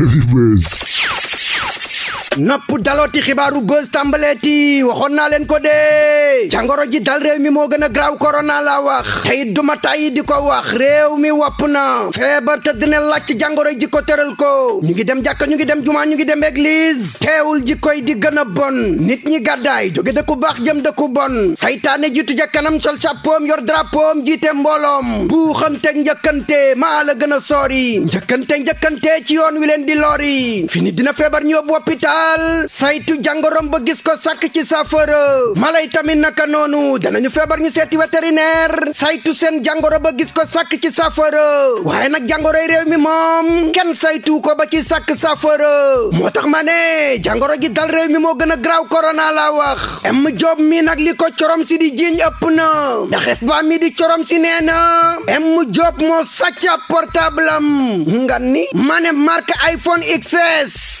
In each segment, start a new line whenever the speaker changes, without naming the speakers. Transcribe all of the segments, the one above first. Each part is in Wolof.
Anyways. nopp dalooti xibaaru buzz tàmbaleeti waxoon naa leen ko dee jàngoro ji dal réew mi moo gën a graaw korona la wax tey duma tàyyi di ko wax réew mi wopp na feebar te dina laaj jàngoro ji ko tëral ko ñu ngi dem jàkka ñu ngi dem jumaa ñu ngi dem église teewul ji koy di gën a bon nit ñi gàddaay jóge dëkku baax jëm dëkku bon saytaane jiitu ja kanam sol sàppoom yor drapoom jiite mbooloom buuxante njëkkante maa la gën a soori njëkkante njëkkante ci yoon wi leen di dina feebar Sénégal saytu jàngoroom ba gis ko sàkk ci saafara mala yi tamit naka noonu danañu feebar ñu seeti vétérinaire saytu seen jàngoro ba gis ko sàkk ci saafara waaye nag jàngoroy réew mi moom kenn saytu ko ba ci sàkk saafara moo tax ma ne jàngoro ji dal réew mi moo gën a graaw korona la wax M Diop mii nag li ko corom si di jiiñ ëpp na ndax ba mi di corom si nee na M Diop moo sac a am nga ni ma ne marque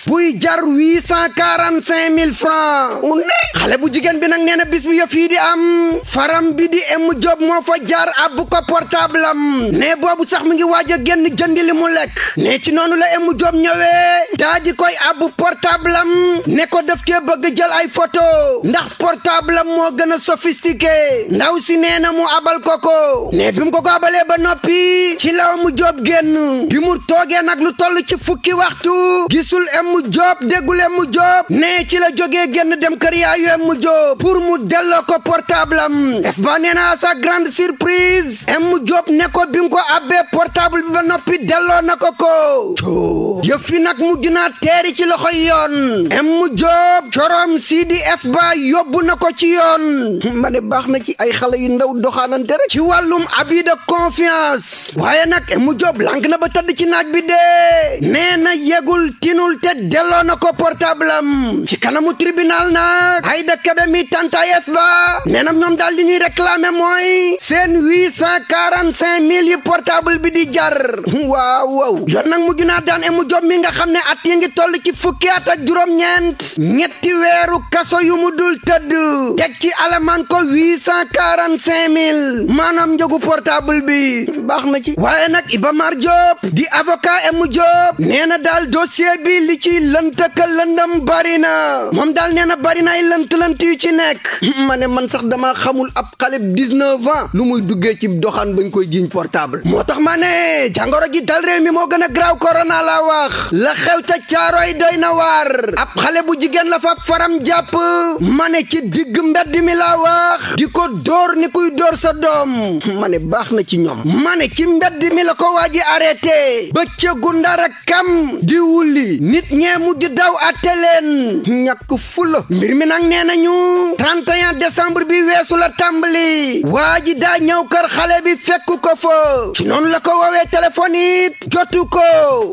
buy jar 800 cent quarante cinq mille francs xale bu jigéen bi nag nee bismu bis bu yëf yi di am faram bi di em job moo fa jaar abbu ko portable ne boobu sax mu ngi waaj a génn jëndi mu lekk ne ci noonu la em job ñëwee daa di koy abbu portable am ne ko def kee bëgg jël ay photo ndax portable am moo gën a sophistiqué ndaw si nee na mu abal ko ko ne bi mu ko ko abalee ba noppi ci law mu job génn bi mu toogee nag lu toll ci fukki waxtu gisul em job déggul em mu nee ci la jógee génn dem kër yaayoo mu Diop pour mu delloo ko portable am def nee naa sa grande surprise mu Diop ne ko bi mu ko abbee portable bi ba noppi delloo na ko ko nag mujj naa ci loxo yoon mu Diop corom Sidi yóbbu na ko ci yoon ma ne baax na ci ay xale ndaw doxaanante rek ci wàllum abus de confiance waaye nag mu Diop lànk na ba tëdd ci naaj bi dee nee na yegul tinul te delloo na ko portable portable ci kanamu tribunal nag Aïda Kébé mi tantayef ba nee na ñoom daal li ñuy réclamer mooy seen huit cent quarante cinq mille yi portable bi di jar waaw waaw yoon nag mu ginnaa daan e mu job mi nga xam ne at yi ngi toll ci fukki at ak juróom-ñeent ñetti weeru kaso yu mu dul tëdd teg ci alamaan ko huit cent quarante cinq mille maanaam njëgu portable bi baax na ci waaye nag Iba Mar Diop di avocat e mu Diop nee daal dossier bi li ci lëntëka lënt lëndam bari na moom daal nee na bari na ay lënt-lënt yu ci nekk ma ne man sax damaa xamul ab xale bu 19 ans lu muy duggee ci doxaan bañ koy jiiñ portable moo tax ma ne jàngoro ji dal réew mi moo gën a graaw corona laa wax la xew ca caaroy doy na waar ab xale bu jigéen la fa faram jàpp ma ne ci digg mbedd mi laa wax di ko dóor ni kuy dóor sa doom ma ne baax na ci ñoom ma ne ci mbedd mi la ko waa ji arrêté bëccëgu ndara kam di wulli nit ñee mujj daw at leen ñàkk fula mbir mi nag nee nañu 31 décembre bi weesu la tàmbali waa ji daa ñëw kër xale bi fekk ko fa ci noonu la ko woowee téléphone it jotu ko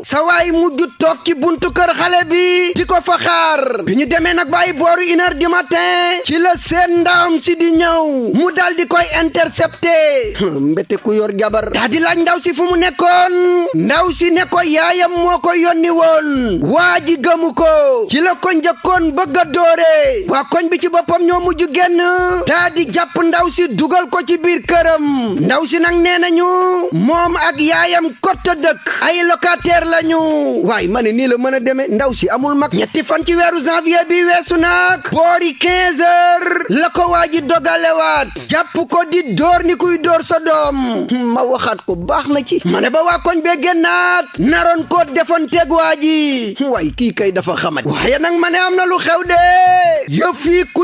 sa waay mujj toog ci buntu kër xale bi di ko fa xaar bi ñu demee nag bàyyi booru une heure du matin ci seen ndawam si di ñëw mu daal koy intercepté mbete ku yor jabar daa di laaj ndaw si fu mu nekkoon ndaw si ne yaayam moo ko yónni woon waa gëmu ko ci la ko njëkkoon doore waa koñ bi ci boppam ñoo mujj génn daa di jàpp ndaw si dugal ko ci biir këram ndaw si nag nee nañu moom ak yaayam kotta dëkk ay locataire la ñu waaye ma ne nii la mën a demee ndaw si amul mag ñetti fan ci weeru janvier bi weesu nag boori 15 heures la ko waa ji dogalewaat jàpp ko di door ni kuy door sa hmm, ma waxaat ko baax na ci ma ne ba waa koñ bee génnaat naroon koo defanteeg waa ji hmm, waaye kii kay dafa xamat waaye nag ma am na lu xew de yëf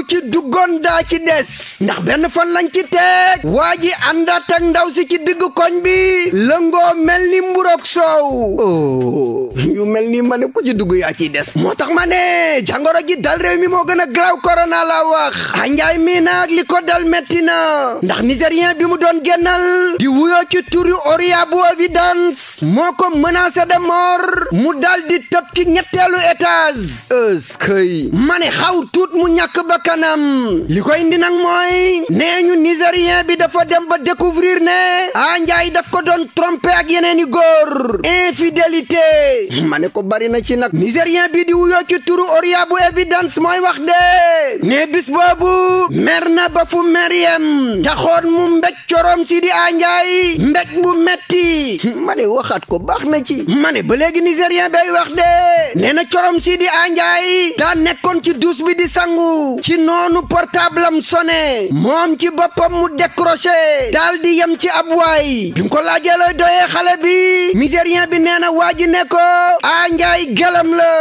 ci duggoon daa ci des ndax benn fan lañ ci teg waa ji àndaat ndaw si ci digg koñ bi lëngoo mel ni mburoog soow oh mel ni ma ne ku ci dugg yaa ci des moo tax ma ne ji dal réew mi moo gën a graw korona la wax anjaay mi nag li ko dal metti na ndax nigérien bi mu doon génnal di wuyoo ci turu Oria bu Evidence moo ko menacé de mort mu dal di tëb ci ñetteelu étage eskay ma ne xaw tuut mu ñàkk bakkanam li koy indi nag mooy nee ñu nigérien bi dafa dem ba découvrir ne ah Njaay daf ko doon trompé ak yeneen i góor infidélité ma ne ko bari na ci nag nigérien bi di wuyoo ci turu Oria bu évidence mooy wax de ne bis boobu mer na ba fu mer yem taxoon mu mbéj coroom si di a Njaay mbéj bu metti ma ne waxaat ko baax na ci ma ne ba léegi wax de nee na coroom si di a nekk nekkoon ci douche bi di sangu ci noonu portable am sonné moom ci boppam mu décroché daal di yem ci ab waay bi mu ko laajee looy doyee xale bi nigérien bi nee na waa ji ne ko a ah, njaay gelam la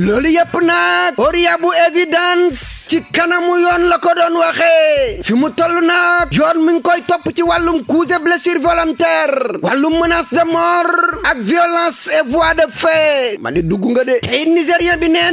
loolu yëpp nag oria bu ci kanamu yoon la ko doon waxee fi mu toll nag yoon mi ngi koy topp ci wàllum coups et blessures volontaires wàllum menace de mort ak violence et voies de fait dugg nga de tey nigérien bi nee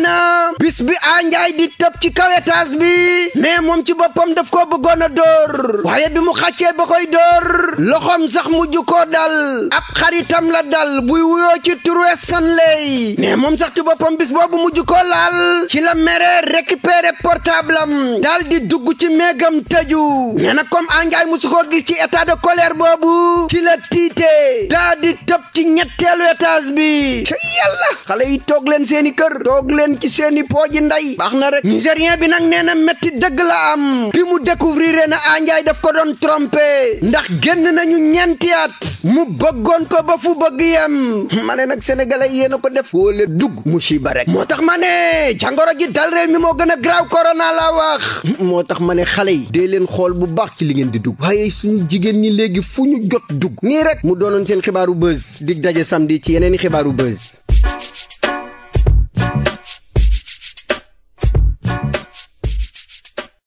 bis bi anjaay di tëb ci kaw bi mais moom ci boppam def ko bëggoon a dóor waaye bi mu xàccee ba koy dóor loxoom sax mujj koo dal ab xaritam la dal buy wuyoo ci turu Stanley mais moom sax ci boppam bis boobu mujj koo laal ci la mere récupérer portable am daal di dugg ci méegam tëju nee na comme anjaay musu koo gis ci état de colère boobu ci la tiitee daa di tëb ci ñetteelu étage bi ci yàlla xale yi toog leen seeni kër seeni pooji nday baax na rek nigérien bi nag nee na métti dëgg la am bi mu découvrir na Andiaye daf ko doon trompé ndax génn nañu ñeenti mu bëggoon ko ba fu bëgg yem ma ne nag sénégalais yéen a ko def wóole dugg musiba rek moo tax ma ne jàngoro ji dal réew mi moo gën a graaw corona laa wax moo tax ma ne xale yi dee leen xool bu baax ci li ngeen di dugg waaye suñu jigéen ñi léegi fu ñu jot dugg nii rek mu doonoon seen xibaaru buzz dig daje samedi ci yeneen i xibaaru buzz